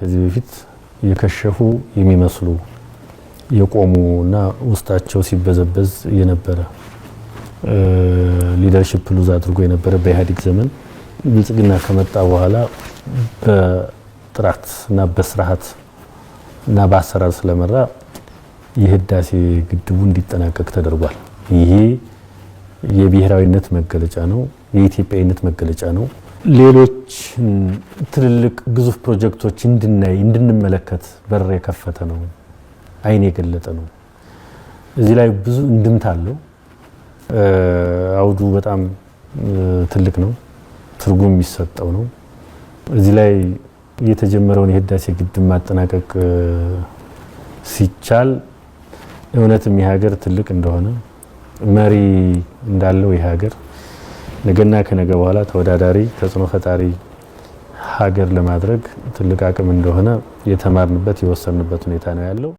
ከዚህ በፊት የከሸፉ የሚመስሉ የቆሙ እና ውስጣቸው ሲበዘበዝ የነበረ ሊደርሽፕ ሉዝ አድርጎ የነበረ በኢህአዴግ ዘመን ብልጽግና ከመጣ በኋላ በጥራት እና በስርዓት እና በአሰራር ስለመራ የህዳሴ ግድቡ እንዲጠናቀቅ ተደርጓል። ይሄ የብሔራዊነት መገለጫ ነው። የኢትዮጵያዊነት መገለጫ ነው። ሌሎች ትልልቅ ግዙፍ ፕሮጀክቶች እንድናይ እንድንመለከት በር የከፈተ ነው፣ አይን የገለጠ ነው። እዚህ ላይ ብዙ እንድምታ አለው። አውዱ በጣም ትልቅ ነው፣ ትርጉም የሚሰጠው ነው። እዚህ ላይ የተጀመረውን የህዳሴ ግድብ ማጠናቀቅ ሲቻል እውነትም የሀገር ትልቅ እንደሆነ መሪ እንዳለው የሀገር ነገና ከነገ በኋላ ተወዳዳሪ ተጽዕኖ ፈጣሪ ሀገር ለማድረግ ትልቅ አቅም እንደሆነ የተማርንበት የወሰንበት ሁኔታ ነው ያለው።